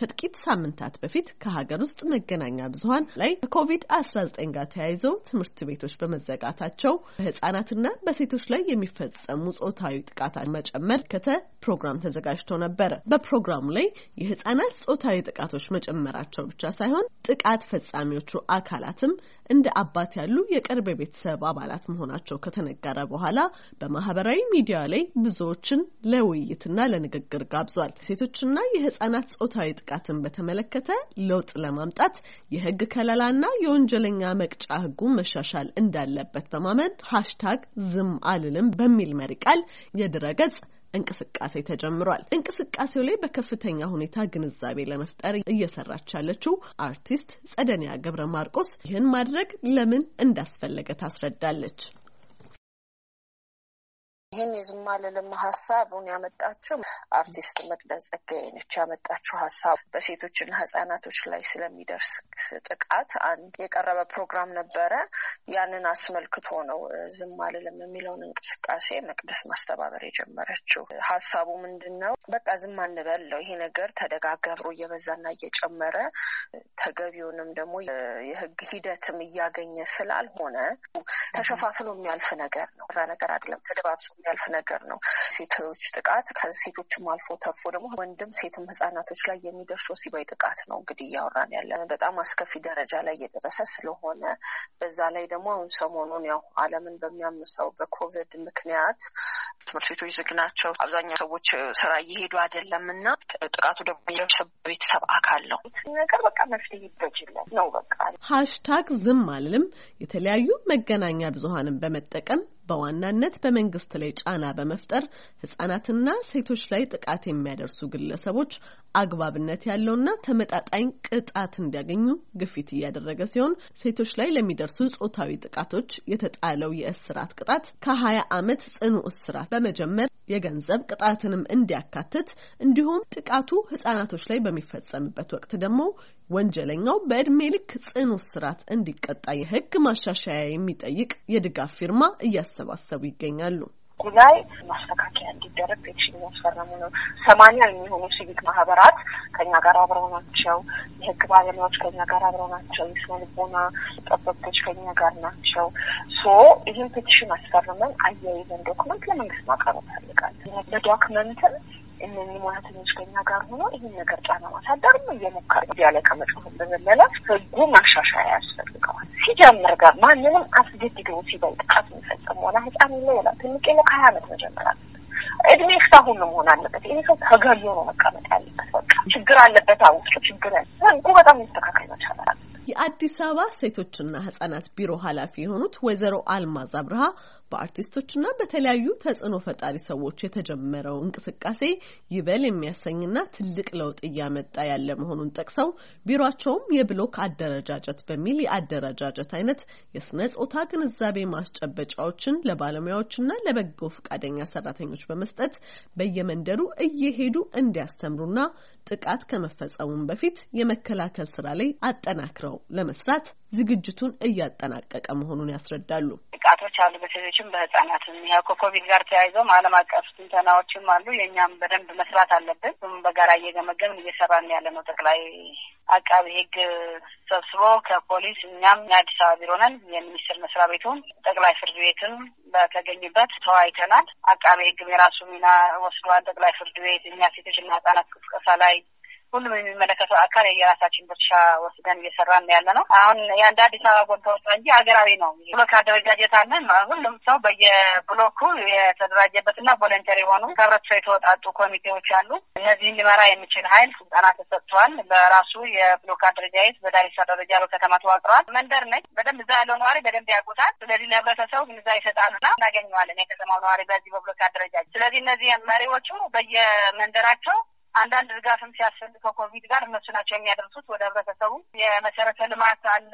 ከጥቂት ሳምንታት በፊት ከሀገር ውስጥ መገናኛ ብዙኃን ላይ ከኮቪድ-19 ጋር ተያይዘው ትምህርት ቤቶች በመዘጋታቸው በህጻናትና በሴቶች ላይ የሚፈጸሙ ጾታዊ ጥቃት መጨመር ከተ ፕሮግራም ተዘጋጅቶ ነበረ። በፕሮግራሙ ላይ የህጻናት ጾታዊ ጥቃቶች መጨመራቸው ብቻ ሳይሆን ጥቃት ፈጻሚዎቹ አካላትም እንደ አባት ያሉ የቅርብ ቤተሰብ አባላት መሆናቸው ከተነገረ በኋላ በማህበራዊ ሚዲያ ላይ ብዙዎችን ለውይይትና ለንግግር ጋብዟል። ሴቶችና የህጻናት ጾታዊ ጥቃትን በተመለከተ ለውጥ ለማምጣት የህግ ከለላና የወንጀለኛ መቅጫ ህጉ መሻሻል እንዳለበት በማመን ሃሽታግ ዝም አልልም በሚል መሪ ቃል የድረገጽ እንቅስቃሴ ተጀምሯል። እንቅስቃሴው ላይ በከፍተኛ ሁኔታ ግንዛቤ ለመፍጠር እየሰራች ያለችው አርቲስት ጸደኒያ ገብረ ማርቆስ ይህን ማድረግ ለምን እንዳስፈለገ ታስረዳለች። ይህን የዝም ሀሳቡን ያመጣችው አርቲስት መቅደስ ጸጋዬ ነች። ያመጣችው ሀሳብ በሴቶችና ህጻናቶች ላይ ስለሚደርስ ጥቃት አንድ የቀረበ ፕሮግራም ነበረ። ያንን አስመልክቶ ነው ዝማልልም የሚለውን እንቅስቃሴ መቅደስ ማስተባበር የጀመረችው። ሀሳቡ ምንድን ነው? በቃ ዝም አንበል ነው። ይሄ ነገር ተደጋገብሮ እየበዛና እየጨመረ ተገቢውንም ደግሞ የህግ ሂደትም እያገኘ ስላልሆነ ተሸፋፍኖ የሚያልፍ ነገር ነው። ነገር አይደለም ተደባብሶ የሚያልፍ ነገር ነው። ሴቶች ጥቃት ከሴቶችም አልፎ ተርፎ ደግሞ ወንድም ሴትም ህጻናቶች ላይ የሚደርስ ወሲባዊ ጥቃት ነው። እንግዲህ እያወራን ያለ በጣም አስከፊ ደረጃ ላይ እየደረሰ ስለሆነ በዛ ላይ ደግሞ አሁን ሰሞኑን ያው ዓለምን በሚያምሰው በኮቪድ ምክንያት ትምህርት ቤቶች ዝግ ናቸው። አብዛኛው ሰዎች ስራ እየሄዱ አይደለም እና ጥቃቱ ደግሞ የሚደርሰው ቤተሰብ አካል ነው። ነገር በቃ መፍትሄ ይበጅለን ነው በቃ ሀሽታግ ዝም አልልም የተለያዩ መገናኛ ብዙሀንን በመጠቀም በዋናነት በመንግስት ላይ ጫና በመፍጠር ህጻናትና ሴቶች ላይ ጥቃት የሚያደርሱ ግለሰቦች አግባብነት ያለውና ተመጣጣኝ ቅጣት እንዲያገኙ ግፊት እያደረገ ሲሆን ሴቶች ላይ ለሚደርሱ ጾታዊ ጥቃቶች የተጣለው የእስራት ቅጣት ከሀያ ዓመት ጽኑ እስራት በመጀመር የገንዘብ ቅጣትንም እንዲያካትት እንዲሁም ጥቃቱ ህጻናቶች ላይ በሚፈጸምበት ወቅት ደግሞ ወንጀለኛው በእድሜ ልክ ጽኑ እስራት እንዲቀጣ የህግ ማሻሻያ የሚጠይቅ የድጋፍ ፊርማ እያሰ እያሰባሰቡ ይገኛሉ። ላይ ማስተካከያ እንዲደረግ ፔቲሽን እያስፈረሙ ነው። ሰማንያ የሚሆኑ ሲቪክ ማህበራት ከኛ ጋር አብረው ናቸው። የህግ ባለሙያዎች ከኛ ጋር አብረው ናቸው። የስነ ልቦና ጠበቶች ከኛ ጋር ናቸው። ሶ ይህን ፔቲሽን አስፈርመን አያይዘን ዶክመንት ለመንግስት ማቅረብ ፈልጋል። በዶክመንትም እነኝ ሙያተኞች ከኛ ጋር ሆኖ ይህን ነገር ጫና ማሳደርም እየሞከር ያለ ከመጽሁፍ በዘለለ ህጉ ማሻሻያ ያስፈልጋል። ሲጀምር ጋር ማንንም አስገድዶ ሲበልጥ ጥቃት የሚፈጸም ሆነ ህፃን ላይ ይላል ትንቅ ነው ከሀያ አመት መጀመር አለበት። እድሜ ፍታ ሁሉ መሆን አለበት። ይህ ሰው ተገሎ ነው መቀመጥ ያለበት። በቃ ችግር አለበት አውጡ ችግር ያለ ህጉ በጣም ይስተካከል የአዲስ አበባ ሴቶችና ህጻናት ቢሮ ኃላፊ የሆኑት ወይዘሮ አልማዝ አብርሃ በአርቲስቶችና በተለያዩ ተጽዕኖ ፈጣሪ ሰዎች የተጀመረው እንቅስቃሴ ይበል የሚያሰኝና ትልቅ ለውጥ እያመጣ ያለ መሆኑን ጠቅሰው ቢሮቸውም የብሎክ አደረጃጀት በሚል የአደረጃጀት አይነት የስነ ጾታ ግንዛቤ ማስጨበጫዎችን ለባለሙያዎችና ለበጎ ፈቃደኛ ሰራተኞች በመስጠት በየመንደሩ እየሄዱ እንዲያስተምሩና ጥቃት ከመፈጸሙም በፊት የመከላከል ስራ ላይ አጠናክረው ለመስራት ዝግጅቱን እያጠናቀቀ መሆኑን ያስረዳሉ። ጥቃቶች አሉ፣ በሴቶችም በህጻናትም። ያው ከኮቪድ ጋር ተያይዘውም ዓለም አቀፍ ትንተናዎችም አሉ። የእኛም በደንብ መስራት አለብን። ም በጋራ እየገመገምን እየሰራን ያለ ነው። ጠቅላይ አቃቢ ህግ ሰብስቦ ከፖሊስ እኛም የአዲስ አበባ ቢሮ ነን፣ የሚኒስቴር መስሪያ ቤቱን ጠቅላይ ፍርድ ቤትም በተገኙበት ተወያይተናል። አቃቢ ህግም የራሱ ሚና ወስዷል። ጠቅላይ ፍርድ ቤት እኛ ሴቶችና ህጻናት ቅስቀሳ ላይ ሁሉም የሚመለከተው አካል የራሳችን ድርሻ ወስደን እየሰራን ያለ ነው። አሁን የአንድ አዲስ አበባ ጎን ተወጣ እንጂ ሀገራዊ ነው። ብሎክ አደረጃጀት አለን። ሁሉም ሰው በየብሎኩ የተደራጀበትና ቮለንተሪ የሆኑ ከህብረተሰብ የተወጣጡ ኮሚቴዎች አሉ። እነዚህን ሊመራ የሚችል ሀይል ስልጠና ተሰጥቷል። በራሱ የብሎክ አደረጃጀት በዳሪሳ ደረጃ ከተማ ተዋቅረዋል። መንደር ነች። በደንብ እዛ ያለው ነዋሪ በደንብ ያውቁታል። ስለዚህ ለህብረተሰቡ ግንዛቤ ይሰጣሉና እናገኘዋለን የከተማው ነዋሪ በዚህ በብሎክ አደረጃጀት። ስለዚህ እነዚህ መሪዎቹ በየመንደራቸው አንዳንድ ድጋፍም ሲያስፈልግ ከኮቪድ ጋር እነሱ ናቸው የሚያደርሱት ወደ ህብረተሰቡ። የመሰረተ ልማት አለ፣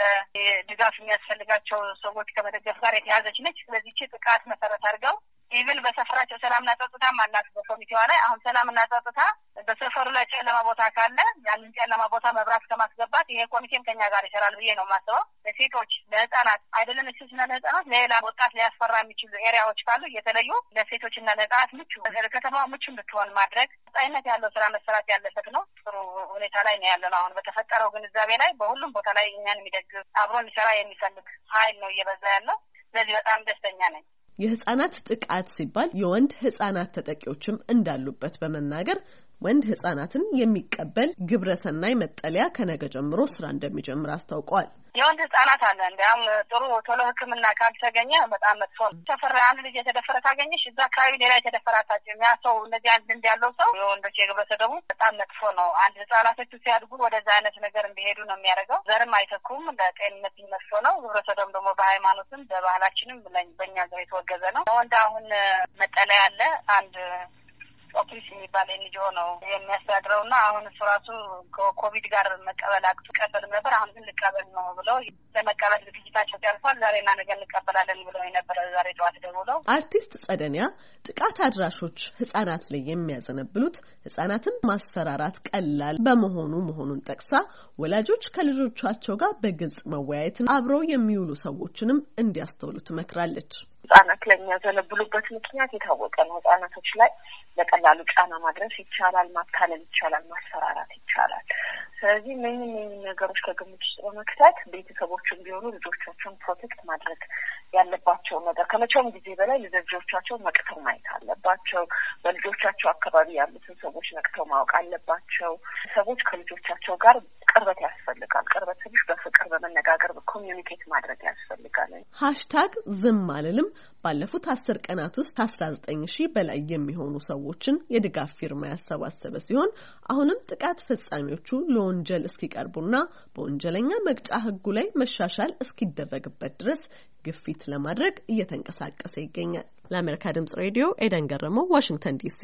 ድጋፍ የሚያስፈልጋቸው ሰዎች ከመደገፍ ጋር የተያዘች ነች። ስለዚህ ጥቃት መሰረት አድርገው ኢቭን በሰፈራቸው ሰላምና ጸጥታ አላት በኮሚቴዋ ላይ አሁን ሰላምና ጸጥታ በሰፈሩ ላይ ጨለማ ቦታ ካለ ያንን ጨለማ ቦታ መብራት ከማስገባት ይሄ ኮሚቴም ከኛ ጋር ይሰራል ብዬ ነው የማስበው። ለሴቶች ለህጻናት አይደለም ስነ ለህጻናት ለሌላ ወጣት ሊያስፈራ የሚችሉ ኤሪያዎች ካሉ እየተለዩ ለሴቶች ለሴቶችና ለህጻናት ምቹ ከተማዋ ምቹ እንድትሆን ማድረግ ቀጣይነት ያለው ስራ መሰራት ያለበት ነው። ጥሩ ሁኔታ ላይ ነው ያለን። አሁን በተፈጠረው ግንዛቤ ላይ በሁሉም ቦታ ላይ እኛን የሚደግፍ አብሮ ሊሰራ የሚፈልግ ሀይል ነው እየበዛ ያለው። ስለዚህ በጣም ደስተኛ ነኝ። የህጻናት ጥቃት ሲባል የወንድ ህጻናት ተጠቂዎችም እንዳሉበት በመናገር ወንድ ህጻናትን የሚቀበል ግብረሰናይ መጠለያ ከነገ ጀምሮ ስራ እንደሚጀምር አስታውቀዋል። የወንድ ህጻናት አለ እንዲያውም ጥሩ ቶሎ ህክምና ካልተገኘ በጣም መጥፎ ነው። ተፈራ አንድ ልጅ የተደፈረ ካገኘሽ እዛ አካባቢ ሌላ የተደፈረ አታጭም። ያ ሰው እንደዚህ አንድ ልምድ ያለው ሰው የወንዶች የግብረ ሰዶሙ በጣም መጥፎ ነው። አንድ ህጻናቶቹ ሲያድጉ ወደዛ አይነት ነገር እንዲሄዱ ነው የሚያደርገው። ዘርም አይተኩም። ለጤንነት መጥፎ ነው። ግብረ ሰዶም ደግሞ በሃይማኖትም በባህላችንም በእኛ ዘር የተወገዘ ነው። ወንድ አሁን መጠለያ አለ አንድ ኦፊስ የሚባል ኤንጂኦ ነው የሚያስተዳድረው እና አሁን እሱ ራሱ ከኮቪድ ጋር መቀበል አቅቱ ቀበል ነበር። አሁን ግን ልቀበል ነው ብለው ለመቀበል ዝግጅታቸው ሲያልፏል። ዛሬና ነገ እንቀበላለን ብለው የነበረ ዛሬ ጠዋት ደውለው አርቲስት ጸደኒያ ጥቃት አድራሾች ህጻናት ላይ የሚያዘነብሉት ህጻናትን ማስፈራራት ቀላል በመሆኑ መሆኑን ጠቅሳ ወላጆች ከልጆቻቸው ጋር በግልጽ መወያየትን አብረው የሚውሉ ሰዎችንም እንዲያስተውሉ ትመክራለች። ህጻናት ላይ የሚያዘለብሉበት ምክንያት የታወቀ ነው። ህጻናቶች ላይ በቀላሉ ጫና ማድረስ ይቻላል፣ ማታለል ይቻላል፣ ማስፈራራት ይቻላል። ስለዚህ ምን ምን ነገሮች ከግምት ውስጥ በመክተት ቤተሰቦችም ቢሆኑ ልጆቻቸውን ፕሮቴክት ማድረግ ያለባቸው ነገር ከመቼውም ጊዜ በላይ ልጆቻቸው መቅተው ማየት አለባቸው። በልጆቻቸው አካባቢ ያሉትን ሰዎች መቅተው ማወቅ አለባቸው። ሰዎች ከልጆቻቸው ጋር ቅርበት ያስፈልጋል። ቅርበት ስልሽ በፍቅር በመነጋገር ኮሚዩኒኬት ማድረግ ያስፈልጋል። ሀሽታግ ዝም አልልም ባለፉት አስር ቀናት ውስጥ አስራ ዘጠኝ ሺህ በላይ የሚሆኑ ሰዎችን የድጋፍ ፊርማ ያሰባሰበ ሲሆን አሁንም ጥቃት ፈጻሚዎቹ ለወንጀል እስኪቀርቡና በወንጀለኛ መቅጫ ሕጉ ላይ መሻሻል እስኪደረግበት ድረስ ግፊት ለማድረግ እየተንቀሳቀሰ ይገኛል። ለአሜሪካ ድምጽ ሬዲዮ ኤደን ገረመው፣ ዋሽንግተን ዲሲ